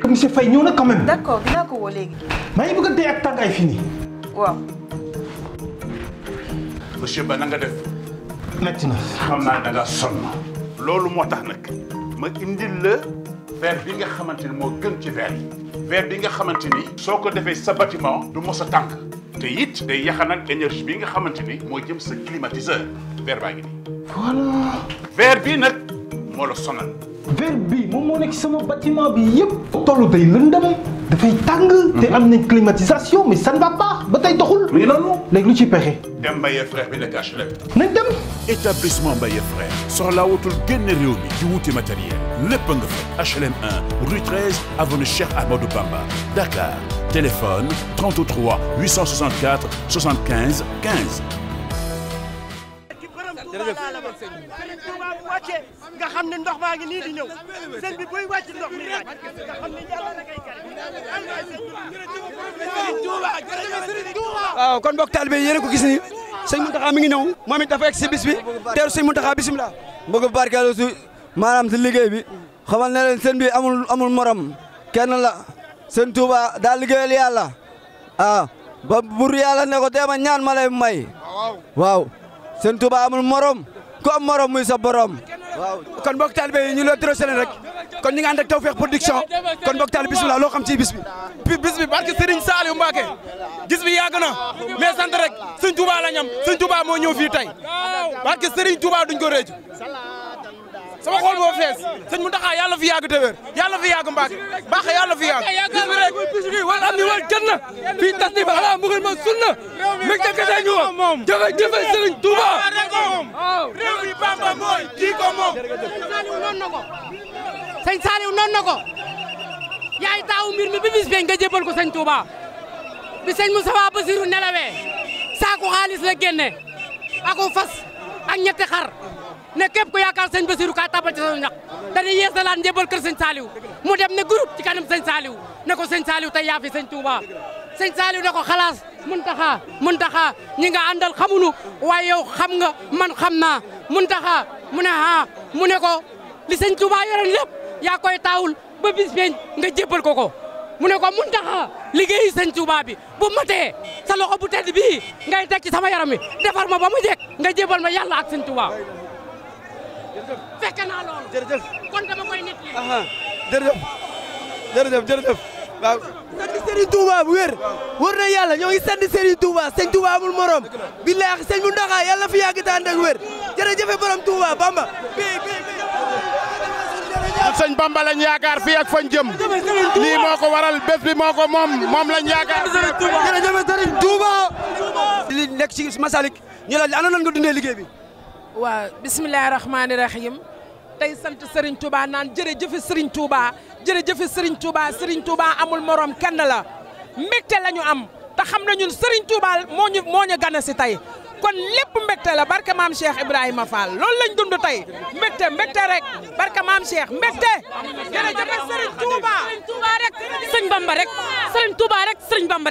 que monsieur Faye ñëw na quand même. d'accord dinaa ko woo léegi. maa ngi bëgg a dee Ba na nga def. metti na. xam naa da nga loolu moo tax nag ma indil la verre bi nga xamante ni moo gën ci verre yi. verre bi nga xamante ni. soo ko defee sa bâtiment du mos a tànk. te it day yaxanal énergie bi nga xamante ni moo jëm sa climatiseur verre baa ngi nii. voilà. bii nag moo la sonal. verre bii moom moo nekk sama bâtiment bi yëpp. tollu day lëndëm dafay tàng. te mhm. am nañ climatisation mais ça va pas ba tey doxul. oui non léegi lu ci pexe. dem Mbaye frère bi nekk HLM. nañ dem. établissement Mbaye frère soxlaa wutul génn réew mi ci wuti matériel lépp nga fa HLM 1 rue 13 avenue Cheikh Amadou Bamba Dakar téléphone 33 864 75 15. jërëjëf sëriñ Tuubaa ndox maa ngi nii di ñëw mi wàcc nga xam ne yàlla da ngay kare waaw kon mbokk taalibe yi yéen a ko gis ni sëñ Muntaxa mi ngi ñëw moom it dafa egg si bis bi teeru sëñ Muntaxa bisimilah maanaam si liggéey bi xamal ne leen sëñ bi amul amul morom kenn la sëñ Tuubaa daa liggéeyal yàlla ah ne ko deema ma may waaw sëñ Touba amul morom ku am morom muy sa borom. waaw kon mbokk taalibe yi ñu la trop selen rek kon ñu ngi ànd ak Tawfekh Production kon mbokk taalibe bismillah loo xam ci bis bi bis bi barke Serigne Saliou Mbacké gis bi yàgg na mais sant rek Serigne Touba la ñam Serigne Touba moo ñëw fii tey barke Serigne Touba duñ ko réeju sama xol boo fees sëñ mu taxaa yàlla fi yàgg te wér yàlla fi yàgg mbaak baax yàlla fi yàgg bis bi rek bis bi wal am ni wal jën na fii tas ni ba ala mbugal ma sunna meg ta kese ñu moom jërëjëf sëriñ Touba réew mi Bamba mooy di ko moom sëñ Saliou noonu na ko yaay taawu mbir mi bi bis bi nga jébbal ko sëñ Touba bi sëñ Moustapha Bassirou nelawee saaku xaalis la génne ako fas ak ñetti xar ne képp ku yaakaar sëñ Basiru kaa tabal ci sa ñax dañuy yeesalaat njëbal kër sëñ Saliou mu dem ne groupe ci kanam sëñ Saliou ne ko sëñ Saliou tey yaa fi sëñ Touba sëñ Saliou ne ko xalaas Muntaxa taxa ñi nga àndal xamuñu waaye xam nga man xam naa Muntaxa mu ne ah mu ne ko li sëñ Touba yoroon lépp yaa koy taawul ba bis nga jébbal ko ko mu ne ko Muntaxa liggéeyi sëñ Touba bi bu matee sa loxo bu tedd bii ngay teg ci sama yaram mi defar ma ba mu jekk nga jébbal ma yàlla ak sëñ fekke naa loolu. jërëjëf kon dama koy nit yi. jërëjëf jërëjëf jërëjëf waaw. sant Serigne Touba bu wér. wër na yàlla ñoo ngi sant Serigne Touba sëñ Touba amul morom. billaahi sëñ mu ndaxa ak wér jërëjëf borom Touba Bamba. sëñ Bamba lañ yaakaar fii ak fañ jëm. lii moo ko waral bés bi moo ko moom moom lañ yaakaar. jërëjëf Serigne Touba. li nekk ci Masalik ñu la ana nan nga dundee liggéey bi. waaw bisimilah rahmaani rahim tey sant Serigne Touba naan jërëjëf Serigne Touba jërëjëf Serigne Touba Serigne Touba amul moroom kenn la mbégte la ñu am te xam na ñun Serigne Touba moo ñu si tey kon lépp mbégte la barke maam Cheikh Ibrahima Fall loolu lañ dund tey mbégte mbégte rek barke maam Cheikh mbégte jërëjëf Serigne Touba Serigne Touba rek Serigne Bamba rek Serigne Touba rek Serigne Bamba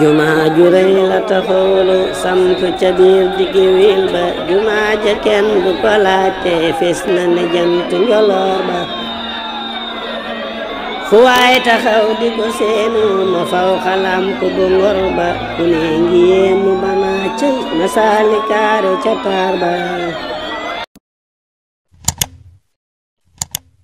jumaa ju rëy la taxawlu samp ca biir diggi wil ba jumaa ja kenn du ko laajte fis na ne jant njoloor ba fu taxaw di ko ma faw xalam ngor ba ku ne ngi ba naa cëy ma saali ca taar ba